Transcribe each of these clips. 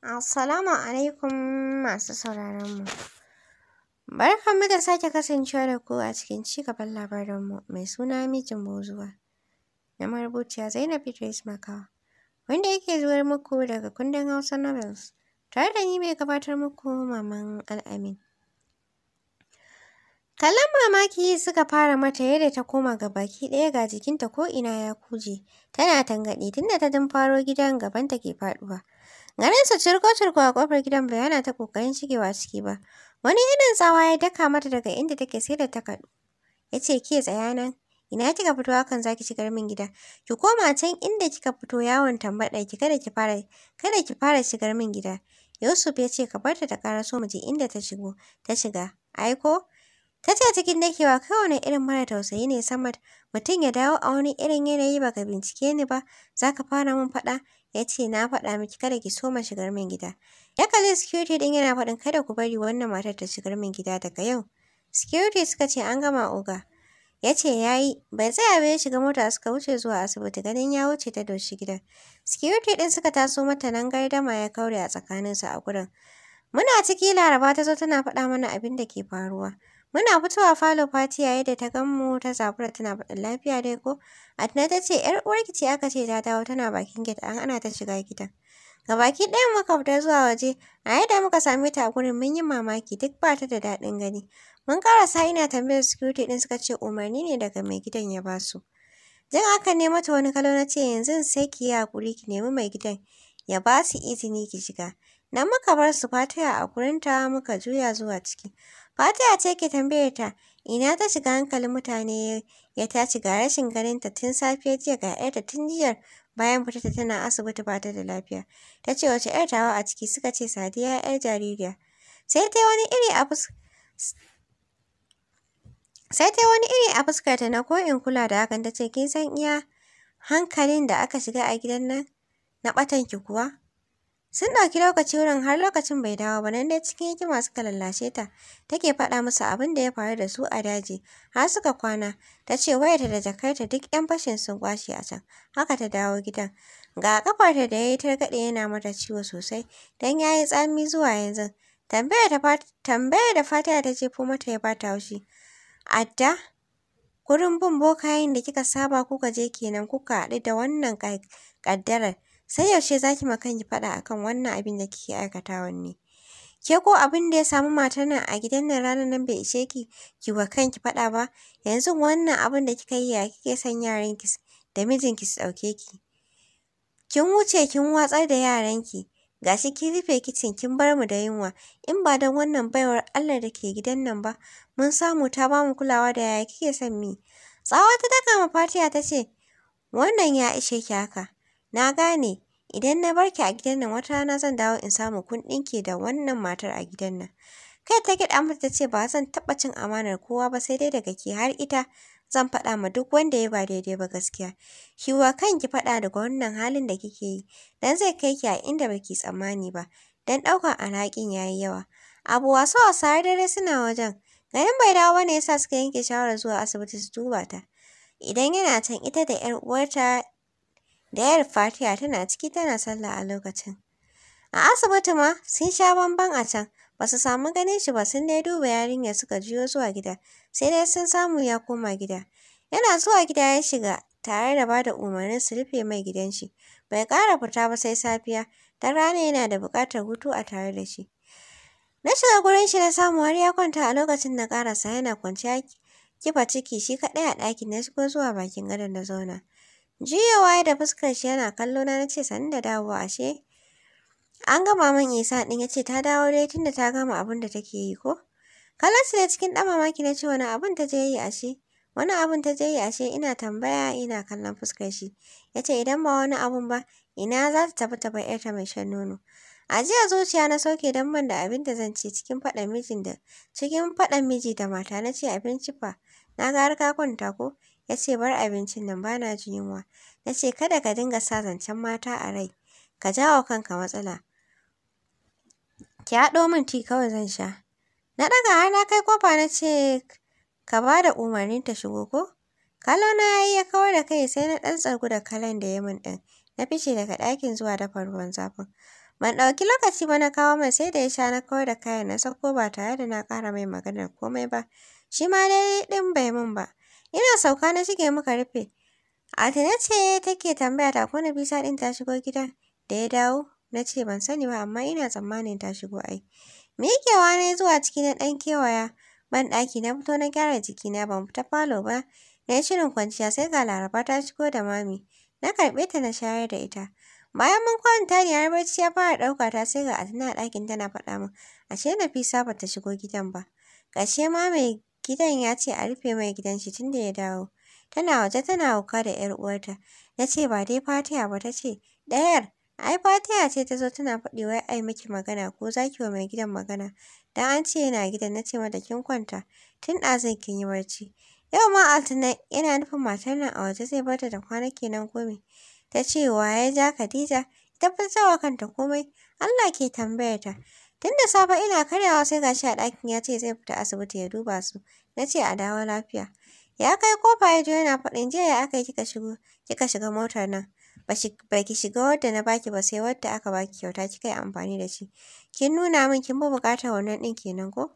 Assalamu alaikum masu mu. sauraron Barkan mu da sake kasancewa da ku a cikin ci cigaban labarinmu mai suna mijin bozuwa na marubuciya Zainab Idris Makawa wanda yake zuwar muku daga kundin Hausa Novels tare da ni mai gabatar muku Maman Al'amin. Kallon mamaki suka fara mata yadda ta koma ga baki ɗaya ga jikinta ko ina ya kuje tana tangaɗe, tunda ta dan faro gidan gaban ta ke faɗuwa. Ganinsa cirko-cirko a ƙofar gidan bai yana ta ƙoƙarin shigewa ciki ba. Wani irin tsawa ya daka mata daga inda take sai da ta Ya ce ke tsaya nan, ina kika fito hakan zaki shigar min gida. Ki koma can inda kika fito yawon tambaɗa ki kada ki fara kada ki fara shigar min gida. Yusuf ya ce ka barta ta so mu je inda ta shigo ta shiga. Aiko ta ce cikin dakewa kai wani irin mara tausayi ne Samad mutum ya dawo a wani irin yanayi baka bincike ni ba zaka fara min faɗa ya ce na faɗa miki kada ki soma shigar min gida. Ya kalli security ɗin yana faɗin kada ku bari wannan matar ta shigar min gida daga yau. Security suka ce an gama oga. Ya ce ya yi, bai tsaya ba ya shiga mota suka wuce zuwa asibiti ganin ya wuce ta doshi gidan. Security ɗin suka taso mata nan gardama ya kaure a tsakaninsu a gurin. Muna ciki laraba ta zo tana faɗa mana abin da ke faruwa. Muna fitowa falo Fati yayin da ta gan mu ta zabura tana faɗin lafiya dai ko? Adina ta ce ‘yar uwarki ce aka ce ta dawo tana bakin gate an ana ta shiga gidan. Gabaki ɗayan muka fita zuwa waje a yadda muka same ta a gurin mun yi mamaki duk ba ta da daɗin gani. Mun karasa ina tambayar security ɗin suka ce umarni ne daga mai gidan ya ba su. Jin haka ne mata wani kalo na ce yanzu sai ki yi haƙuri ki nemi mai gidan ya ba su izini ki shiga. Nan muka bar su Fatiha a gurinta muka juya zuwa ciki. Fatiha ce ke tambayar ta ina ta shiga hankalin mutane ya tashi ga rashin ganinta tun safiya jiya ga 'yarta tun jiyar bayan fitarta tana asibiti ba ta da lafiya. Ta ce wace ƴar tawa a ciki suka ce Sadiya 'yar jaririya. Sai ta wani iri a Sai ta wani iri a fuskarta na ko in kula da hakan ta ce kin san iya hankalin da aka shiga a gidan nan na ki kuwa. Sun ɗauki lokaci wurin har lokacin bai dawo ba nan dai cikin hikima suka lallashe ta. Take faɗa musu abin da ya faru da su a daji har suka kwana. Ta ce wayarta da jakarta duk 'yan fashin sun kwashe a can. Haka ta dawo gidan. Ga kafarta da ya yi targaɗe yana mata ciwo sosai Dan ya yi tsami zuwa yanzu. Tambaya da Fatiha ta jefo mata ya bata haushi. Adda, gurin bin bokayen da kika saba kuka je kenan kuka haɗu da wannan ƙaddarar. Sai yaushe za ki ma kanki faɗa akan wannan abin da kike aikatawan ne? Ke ko abin da ya samu matar nan a gidan nan ranar nan bai ishe ki ki wa kanki faɗa ba? Yanzu wannan abin da kika yi ya kike son yaranki da mijinki su ɗauke ki? Kin wuce kin watsar da yaranki. Ga shi kin rufe kicin kin bar mu da yunwa. In ba don wannan baiwar Allah da ke gidan nan ba, mun samu ta ba mu kulawa da yaya kike son mi. tsawata ta daka ma Fatiya ta ce, Wannan ya ishe ki haka. Na gane, idan na bar a gidan nan wata rana zan dawo in samu kun ɗinke da wannan matar a gidan nan. Kai ta gyaɗa mata ta ce ba zan taɓa cin amanar kowa ba sai dai daga ke har ita zan faɗa ma duk wanda ya ba daidai ba gaskiya. Ki wa kanki faɗa daga wannan halin da kike yi, dan zai kai ki a inda baki tsammani ba, dan ɗaukan alhakin ya yi yawa. Abu wasu wasa har dare suna wajen, ganin bai dawo ba ne ya sa suka yanke shawarar zuwa asibiti su duba ta. Idan yana can ita da ‘yar uwarta da yar Fatiya tana ciki tana sallah a lokacin. A asibiti ma sun sha bamban a can, ba su samu ganin shi ba sun dai duba yarinya suka jiyo zuwa gida, sai dai sun samu ya koma gida. Yana zuwa gida ya shiga tare da bada umarnin su rufe mai gidan shi. Bai ƙara fita ba sai safiya, don rana yana da buƙatar hutu a tare da shi. Na shiga gurin shi na samu har ya kwanta a lokacin na ƙarasa yana kwanciya kifa ciki shi kaɗai a ɗakin na shigo zuwa bakin gadon na zauna. ya da fuskar shi yana kallo na nace sani da dawo ashe. An gama maman Isa din yace ta dawo dai tunda ta gama abin da take yi ko? Kallon ne cikin dan mamaki nace wani abin ta je yi ashe. Wani abin ta je yi ashe ina tambaya ina kallon fuskar shi. Yace idan ba wani abun ba ina za ta tafi ta bar yarta mai shan nono. A jiya zuciya na sauke dan man da abin da zan ci cikin faɗan mijin da cikin miji da mata nace abinci fa na ga har ka kwanta ko Ya ce bar abincin nan ba na jin yunwa. Na ce kada ka dinga sa zancen mata a rai. Ka jawo kanka matsala. Ki haɗo min ti kawai zan sha. Na ɗaga na kai kofa na ce ka ba da umarnin ta shigo ko? Kalo na yi ya kawar da kai sai na ɗan tsargu da kalan da ya min ɗin. Na fice daga ɗakin zuwa dafa ruwan zafin. Ban ɗauki lokaci ba na kawo mai sai da ya sha na kawar da kayan na sako ba tare da na ƙara mai maganar komai ba. Shi ma dai ɗin bai min ba. Ina sauka na shige maka rufe. Atina ce take tambaya ta na bisa din ta shigo gida da ya dawo. Na ce ban sani ba amma ina tsammanin ta shigo ai. Miƙewa na zuwa ciki na ɗan kewaya. Ban ɗaki na fito na gyara jiki na ban fita falo ba. Na yi shirin kwanciya sai ga Laraba ta shigo da mami. Na karɓe ta na shayar da ita. Bayan mun kwanta ne har barci ya fara ɗauka ta sai ga Atina a ɗakin tana faɗa min. Ashe Nafisa bata shigo gidan ba. kashe ma mai gidan ya ce a rufe mai gidan shi tun da ya dawo. Tana waje tana hauka da ‘yar uwarta. Na ce ba dai Fatiya ba ta ce, ɗayar, ai Fatiya ce ta zo tana faɗi wai ai miki magana ko za ki wa mai gidan magana. Da an ce yana gidan na ce mata kin kwanta, tun zan kin yi barci. Yau ma Altina yana nufin matar nan a waje zai bata da kwana kenan ko me? Ta ce wa ya ja Khadija, ita fa kanta komai, Allah ke tambayar ta. Tun da safe ina karyawa sai gashi a ɗakin ya ce zai fita asibiti ya duba su. Na ce a dawo lafiya. Ya kai kofa ya je yana faɗin jiya ya aka yi kika shigo kika shiga motar nan. Ba ki shiga wadda na baki ba sai wadda aka baki kyauta kika yi amfani da shi. Kin nuna min kin bi buƙatar wannan ɗin kenan ko?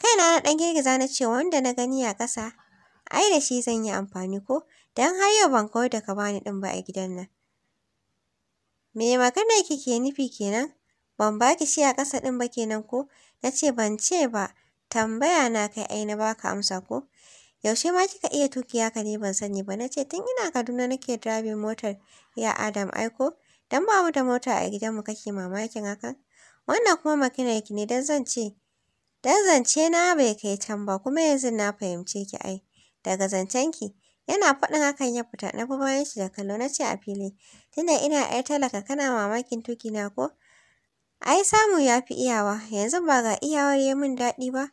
Kaina na ɗan girgiza na ce wanda na gani a ƙasa ai da shi zan yi amfani ko don har yau ban kawar da ka bani ɗin ba a gidan nan. Me magana kike nufi kenan? Ban baki shi a ƙasa ɗin ba kenan ko? Na ce ban ce ba. Tambaya na kai ai na baka amsa ko? Yaushe ma kika iya tuki haka ne ban sani ba. Na ce tun ina Kaduna nake driving motar ya Adam ai ko? Dan ba mu da mota a gidan mu kake mamakin hakan? Wannan kuma makinar ki ne dan zan ce. Dan zance na bai kai can ba kuma yanzu na fahimce ki ai. Daga zancen ki. Yana faɗin hakan ya fita na bi bayan shi da kallo na ce a fili. Tunda ina 'yar talaka kana mamakin tuki na ko? Ai samu ya fi iyawa, yanzu ba ga iyawar ya min daɗi ba.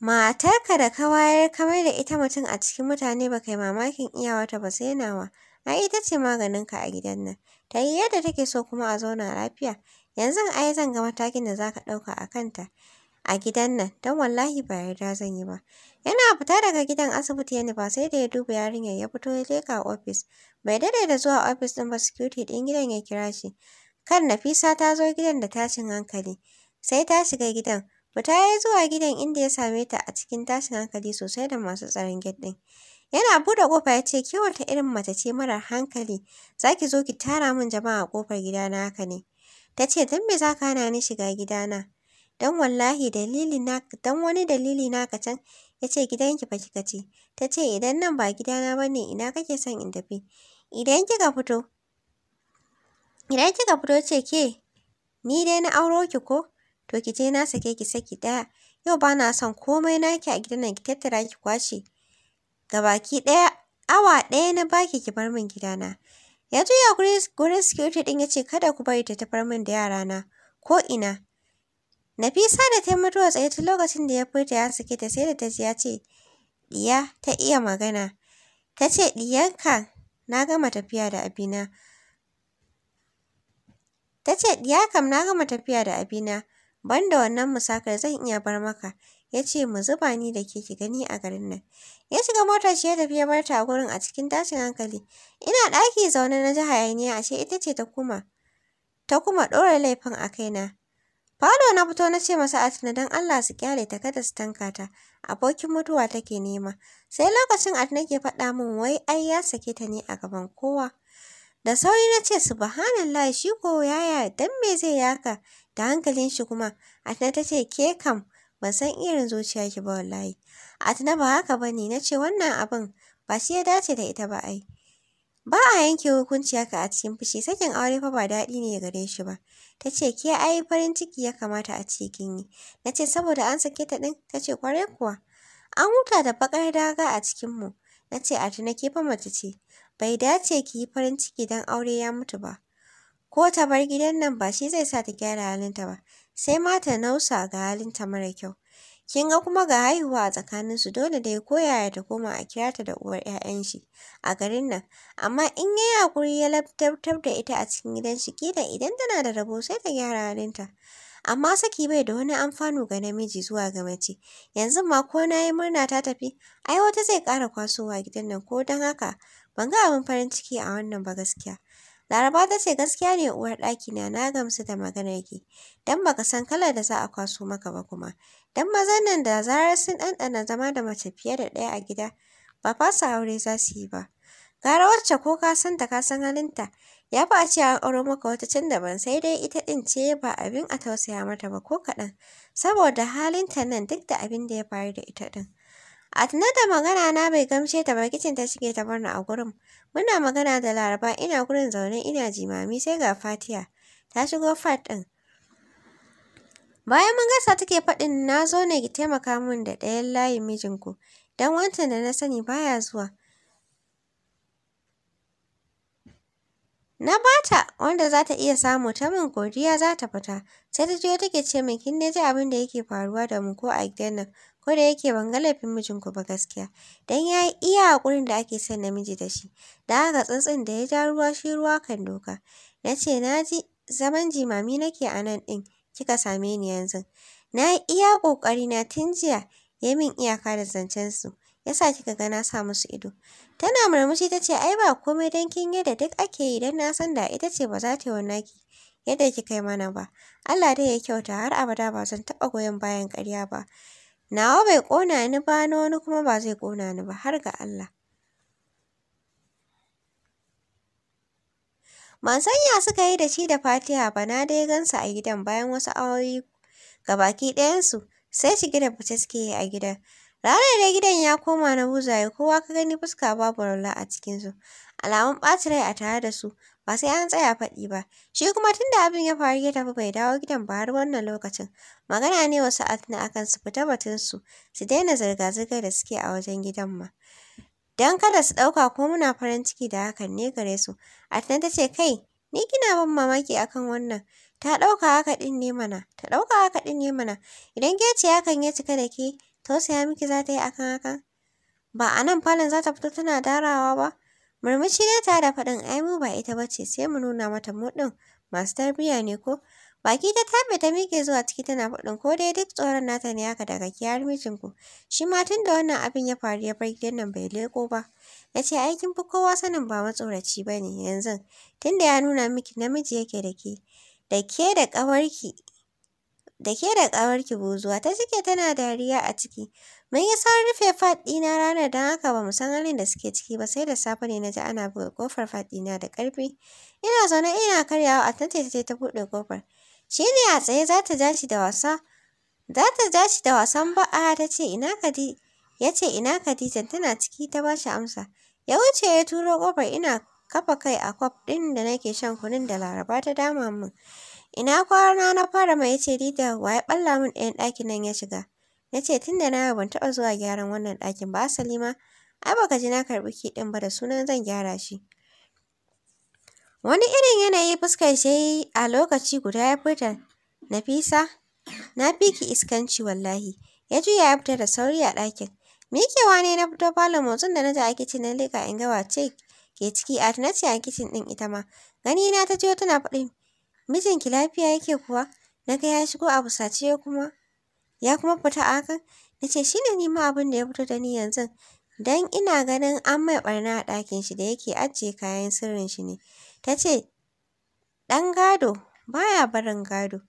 Matarka da ka wayar ka mai da ita mutum a cikin mutane ba kai mamakin iyawarta ba sai nawa. Ai ita ce maganin ka a gidan nan. Ta yi yadda take so kuma a zauna lafiya. Yanzu ai zan ga matakin da za ka ɗauka a kanta a gidan nan don wallahi ba yarda zan yi ba. Yana fita daga gidan asibiti ya ba, sai da ya duba yarinyar ya fito ya leƙa ofis. Bai daɗe da zuwa ofis ɗin ba security ɗin gidan ya kira shi. kan Nafisa ta zo gidan da tashin hankali. Sai ta shiga gidan. Fita ya zuwa gidan inda ya same ta a cikin tashin hankali sosai da masu tsaron gate ɗin. Yana buɗe kofa ya ce ke wata irin mace ce marar hankali, za ki zo ki tara min jama'a a kofar gidana haka ne. Ta ce dan me za ka hana ni shiga gidana? Don wallahi dalili na dan wani dalili na ka can ya ce "Gidan ki fa kika ce. Ta ce idan nan ba gidana ba ne ina kake son in tafi? Idan kika fito Idan kika fito ce ke, ni dai na auro ki ko, to ki je na sake ki saki ɗaya, yau ba na son komai naki a gidan nan ki tattara ki Ga baki ɗaya awa ɗaya na baki ki bar min gidana. Ya juya gurin security ɗin ya ce kada ku bari ta tafar min da yarana ko ina. Nafisa da ta a tsaye tun lokacin da ya furta ya sake ta sai da ta ji ya ce ɗiya ta iya magana. Ta ce ɗiyanka na gama tafiya da abina. Ta ce, ya kam na gama tafiya da abina, ban da wannan musakar zan iya bar maka. Ya ce, mu zuba ni da ke ki gani a garin nan. Ya shiga motar shi ya tafi ya bar ta a gurin a cikin tashin hankali. Ina ɗaki zaune na ji hayaniya ashe ita ce ta kuma. Ta kuma ɗora laifin a kaina. Falo na fito na ce masa Atina don Allah su kyale ta kada su tanka ta, abokin mutuwa take nema. Sai lokacin Atina ke faɗa min wai ai ya sake ta ne a gaban kowa. Da sauri na ce subhanallah shi ko yaya dan me zai yaka da hankalin shi kuma Atina ta ce ke kam ban san irin zuciya ki ba wallahi. Atina ba haka bane na ce wannan abin ba shi ya dace da ita ba ai. Ba a yanke hukunci haka a cikin fushi sakin aure fa ba daɗi ne gare shi ba. Ta ce ke ai farin ciki ya kamata a cikin yi. Na ce saboda an sake ta ɗin ta ce kwarai kuwa. An huta da bakar daga a cikinmu. Na ce a tuna ke fa mace ce. Bai dace ki yi farin ciki don aure ya mutu ba. Ko ta bar gidan nan ba shi zai sa ta gyara halinta ba, sai ma ta nausa ga halinta mara kyau. Kin ga kuma ga haihuwa a tsakaninsu dole dai ko yaya ta koma a kira ta da uwar 'ya'yan shi a garin nan. Amma in ya hakuri ya labtabtar da ita a cikin gidan shi kila idan tana da rabo sai ta gyara halinta. Amma saki bai da wani amfanu ga namiji zuwa ga mace. Yanzu ma ko na yi murna ta tafi, ai wata zai ƙara kwasowa gidan nan ko don haka Ban ga abin farin ciki a wannan ba gaskiya. Laraba ta ce gaskiya ne uwar ɗaki na na gamsu da maganar ki don baka san kalar da za a kwaso maka ba kuma. Don mazan nan da zarar sun ɗanɗana zama da mace fiye da ɗaya a gida ba fasa aure za su yi ba. Gara wacce ko ka san ta ka san halinta ya fi a ce an auro maka wata can daban sai dai ita ɗin ce ba abin a tausaya mata ba ko kaɗan saboda halinta nan duk da abin da ya faru da ita ɗin. Atina da magana na bai gamshe ta ba kicin ta shige ta barna a gurin. Muna magana da Laraba ina gurin zaune ina jimami sai ga Fatiya ta shigo fat ɗin. Bayan mun gasa take faɗin na zo ne ki taimaka min da ɗayan layin mijinku dan wancan da na sani baya zuwa. Na bata wanda za ta iya samu ta min godiya za ta fita. Sai ta jiyo take ce min kin ne ji abin da yake faruwa da mu ko a gidan nan Ko da yake ban ga laifin ku ba gaskiya, Dan yayi yi iya haƙurin da ake son namiji da shi, da haka tsuntsun da ya ja ruwa shi ruwa kan doka. nace naji zaman jimami nake a nan ɗin kika same ni yanzu. Na yi iya ƙoƙarina tun jiya ya min iyaka da zancen su. Yasa kika ga na sa musu ido. Tana murmushi tace ai ba komai dan kin yadda duk ake yi dan na san da ita ce ba za ta yi wannan ki? yadda kika yi mana ba. Allah dai ya kyauta har abada ba zan taɓa goyon bayan ƙarya ba. Nawa bai ƙona ni ba na wani kuma ba zai kona ni ba har ga Allah. Ban san suka yi da shi da Fatiha ba na dai gansu a gidan bayan wasu awowi gabaki ɗayansu sai shige da fice suke yi a gidan. Ranar da gidan ya koma na buzaye kowa ka gani fuska babu walwala a cikinsu. Alamun ɓacin rai a tare da su ba sai an tsaya faɗi ba shi kuma tun da abin ya faru ya tafi bai dawo gidan ba har wannan lokacin magana ne wasu atna akan su fita batun su su daina zirga zirgar da suke a wajen gidan ma dan kada su ɗauka ko muna farin ciki da hakan ne gare su atna ta ce kai ni kina ban mamaki akan wannan ta ɗauka haka ɗin ne mana ta ɗauka haka ɗin ne mana idan ke ce hakan ya cika da ke tausaya miki za ta yi akan hakan ba a nan falon za ta fito tana darawa ba Murmushi ne tare da faɗin ai mu ba ita bace sai mu nuna mata mu ɗin masu tarbiyya ne ko. Baki ta tabe ta mike zuwa ciki tana faɗin ko dai duk tsoron nata ne haka daga kiyar mijinku. Shi ma tun da wannan abin ya faru ya bar gidan nan bai leko ba. Ya ce ai kin fi kowa sanin ba matsoraci ba ne yanzu tunda ya nuna miki namiji yake da ke. Da ke da ƙawarki da ke da ƙawarki buzuwa ta cike tana dariya a ciki. Mun yi saurin rufe faɗi ɗina ranar don haka ba mu san halin da suke ciki ba sai da safe ne na ji ana buga ƙofar faɗi na da ƙarfi. Ina zaune ina karyawa a tante ta ta buɗe kofar Shi ne a tsaye za ta jashi da wasa. Za ta jashi da wasan ba'a ta ce ina Khadija. Ya ce ina Khadijan tana ciki ta ba shi amsa. Ya wuce ya turo kofar ina kafa kai a kwaf ɗin da nake shan kunun da Laraba ta dama min. Ina kwana na fara ma ya ce Dida wa ya balla min ɗayan ɗakin nan ya shiga. Na ce tun da na ban taɓa zuwa gyaran wannan ɗakin ba asali ma ai baka ji na karɓi ki ɗin ba da sunan zan gyara shi. Wani irin yanayi fuskar shi a lokaci guda ya furta Nafisa na fi ki iskanci wallahi. Ya juya ya fita da sauri a ɗakin. Mikewa ne na fito falon motsin da na ji a kicin na leƙa in ga wace ke ciki a tunace a kicin ɗin ita ma. Gani na ta jiyo tana faɗin mijinki lafiya yake kuwa? Na ga ya shigo a busace ya kuma ya kuma fita a hakan. Na ce shi ne nima abin da ya fito da ni yanzu. Dan ina ganin an mai barna a ɗakin shi da yake ajiye kayan sirrin shi ne. Ta ce ɗan gado baya barin gado.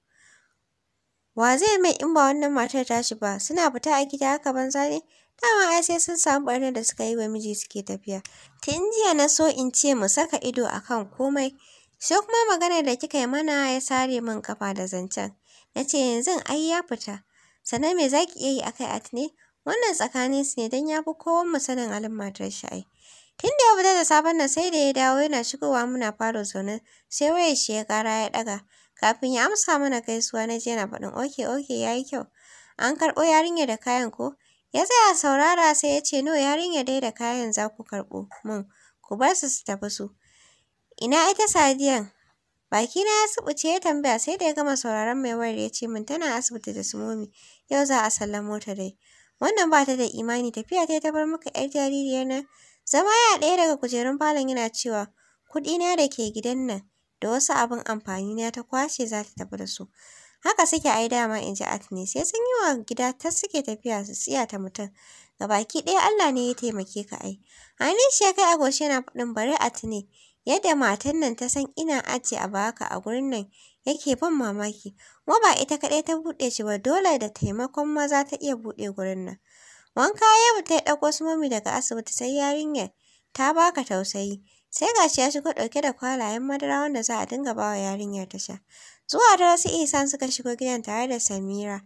Wa zai mai in ba wannan matar tashi ba suna fita a gida haka banza ne? Dama ai sai sun samu ɓarnar da suka yi wa miji suke tafiya. Tun jiya na so in ce mu saka ido akan komai. Shi kuma maganar da kika yi mana ya sare min kafa da zancen. Na ce yanzu ai ya fita. Sannan me za ki iya yi a kai ne? Wannan tsakanin su ne don ya fi kowan mu sanin halin matar shi ai. Tun da ya fita da sabon nan sai da ya dawo yana shigowa muna fara zaune sai waya shi ya kara ya ɗaga. Kafin ya amsa mana gaisuwa na je na faɗin oke oke ya yi kyau. An karɓo yarinya da kayan ko? Ya tsaya saurara sai ya ce no yarinya dai da kayan za ku karɓo mun. Ku bar su su tafi su. Ina ita Sadiyan? Bakina ya suɓuce ya tambaya sai da ya gama sauraron mai wayar ya ce min tana asibiti da su Yau za a sallan mota dai. Wannan ba ta da imani tafiya ta ta bar muka 'yar jaririyar nan. Zama ya ɗaya daga kujerun falon yana cewa kuɗi na da ke gidan nan da wasu abin amfani na ta kwashe za ta tafi da su. Haka suke ai dama in ji Atne sai sun yi wa gida ta suke tafiya su tsiya ta mutum. Ga baki ɗaya Allah ne ya taimake ka ai. shi ya kai agoshi yana faɗin bari Atne. Yadda matan nan ta san ina ajiye abu haka a gurin nan yake ban mamaki. Kuma ba ita kaɗai ta buɗe shi ba dole da taimakon maza ta iya buɗe gurin nan. Wanka yau ta ɗauko su mami daga asibiti sai yarinyar ta baka tausayi. Sai gashi ya shigo ɗauke da kwalayen madara wanda za a dinga bawa yarinyar ta sha. Zuwa dare sai Ihsan suka shigo gidan tare da Samira.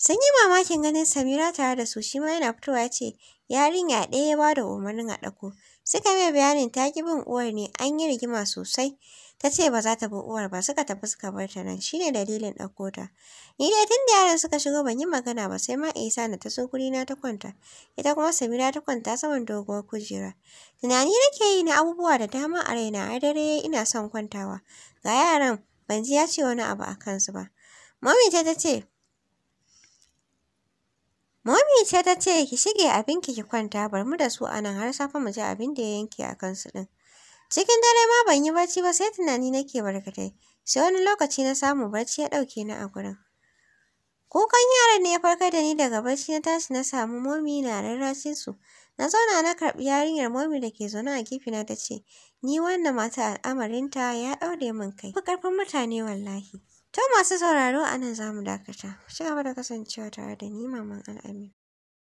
Sun yi mamakin ganin Samira tare da su shi ma yana fitowa ya ce yarinya ɗaya ya bada umarnin a ɗako Suka mai bayanin ta ki bin uwar ne an yi rigima sosai. Ta ce ba za ta bi uwar ba suka tafi suka bar ta nan shine dalilin ɗauko ta. Ni dai tun da yaran suka shigo ban yi magana ba sai ma Isa na ta so na ta kwanta. Ita kuma Samira ta kwanta saman doguwar kujera. Tunani nake yi na abubuwa da dama a raina har dare ina son kwantawa. Ga yaran ban ji ya ce wani abu a kansu ba. Mami ta ta ce Mami ce ta ce ki shige abinki ki kwanta bar mu da su anan har safe mu ji abin da ya yanke a kansu din. Cikin dare ma ban yi barci ba sai tunani nake barkatai. Sai wani lokaci na samu barci ya ɗauke ni a gurin. Kukan yaran ne ya farkar da ni daga barci na tashi na samu momi na rarrashin su. Na zauna na karɓi yarinyar momi da ke zaune a gefena ta ce, Ni wannan mata al'amarinta ya daure min kai. Fi ƙarfin mutane wallahi. To masu sauraro anan nan za mu dakata. Ci gaba da kasancewa tare da ni Maman Al'amin.